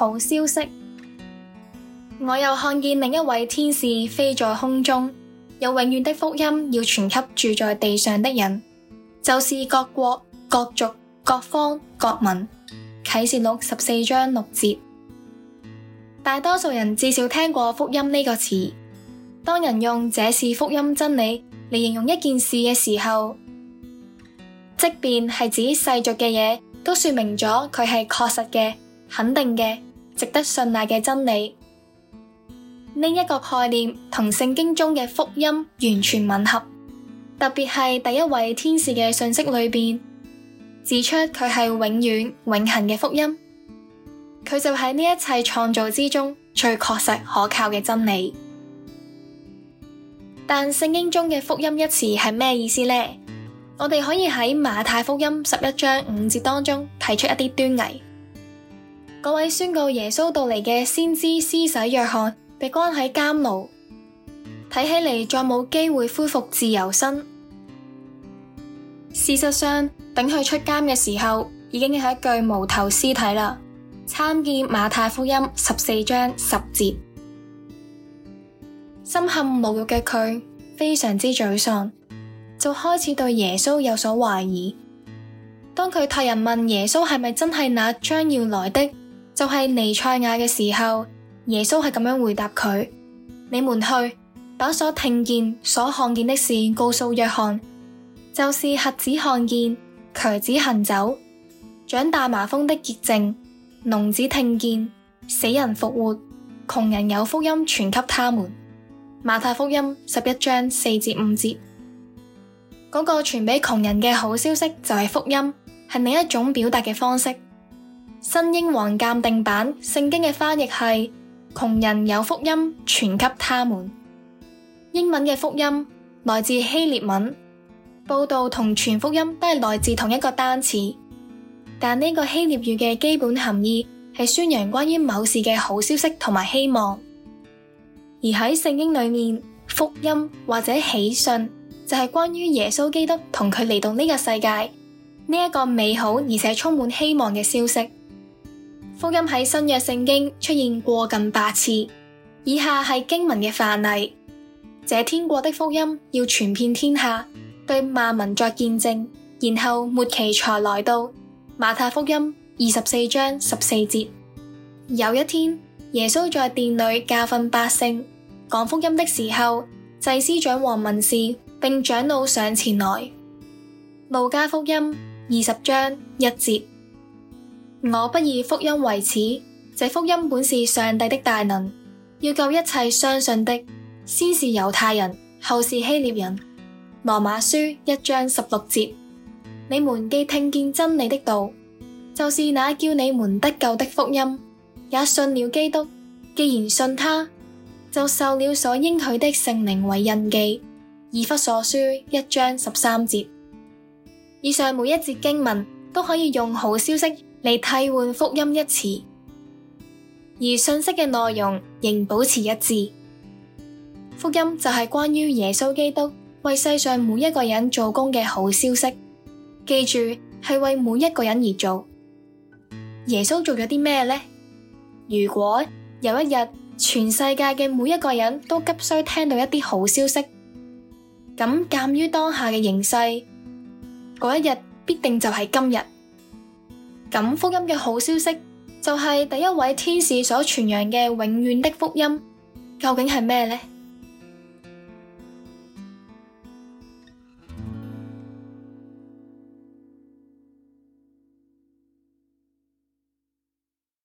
好消息！我又看見另一位天使飛在空中，有永遠的福音要傳給住在地上的人，就是各國、各族、各方、各民。啟示錄十四章六節。大多數人至少聽過福音呢個詞。當人用這是福音真理嚟，形容一件事嘅時候，即便係指世俗嘅嘢，都說明咗佢係確實嘅、肯定嘅。值得信賴嘅真理，呢、這、一個概念同聖經中嘅福音完全吻合，特別係第一位天使嘅信息裏邊指出佢係永遠、永恆嘅福音，佢就喺呢一切創造之中最確實可靠嘅真理。但聖經中嘅福音一詞係咩意思呢？我哋可以喺馬太福音十一章五節當中提出一啲端倪。各位宣告耶穌到嚟嘅先知施洗約翰被關喺監牢，睇起嚟再冇機會恢復自由身。事實上，等佢出監嘅時候，已經係一具無頭屍體啦。參見馬太福音十四章十節。深陷牢獄嘅佢非常之沮喪，就開始對耶穌有所懷疑。當佢託人問耶穌係咪真係那將要來的？就係尼賽亞嘅時候，耶穌係咁樣回答佢：你們去，把所聽見、所看見的事告訴約翰，就是瞎子看見、瘸子行走、長大麻風的潔淨、聾子聽見、死人復活、窮人有福音傳給他們。馬太福音十一章四至五節，嗰個傳俾窮人嘅好消息就係福音，係另一種表達嘅方式。新英皇鑒定版聖經嘅翻譯係：窮人有福音傳給他們。英文嘅福音來自希臘文，報道同傳福音都係來自同一個單詞。但呢個希臘語嘅基本含義係宣揚關於某事嘅好消息同埋希望。而喺聖經裏面，福音或者喜訊就係關於耶穌基督同佢嚟到呢個世界，呢一個美好而且充滿希望嘅消息。福音喺新約聖經出現過近百次，以下係經文嘅範例：這天國的福音要傳遍天下，對萬民作見證，然後末期才來到。馬太福音二十四章十四節。有一天，耶穌在殿裏教訓百姓，講福音的時候，祭司長和文士並長老上前來。路加福音二十章一節。我不以福音為恥，這福音本是上帝的大能，要救一切相信的，先是猶太人，後是希臘人。羅馬書一章十六節。你們既聽見真理的道，就是那叫你們得救的福音，也信了基督。既然信他，就受了所應許的聖靈為印記。以弗所書一章十三節。以上每一節經文都可以用好消息。嚟替換福音一詞，而信息嘅內容仍保持一致。福音就係關於耶穌基督為世上每一個人做工嘅好消息。記住，係為每一個人而做。耶穌做咗啲咩呢？如果有一日全世界嘅每一個人都急需聽到一啲好消息，咁鑒於當下嘅形勢，嗰一日必定就係今日。咁福音嘅好消息就係第一位天使所傳揚嘅永遠的福音，究竟係咩呢？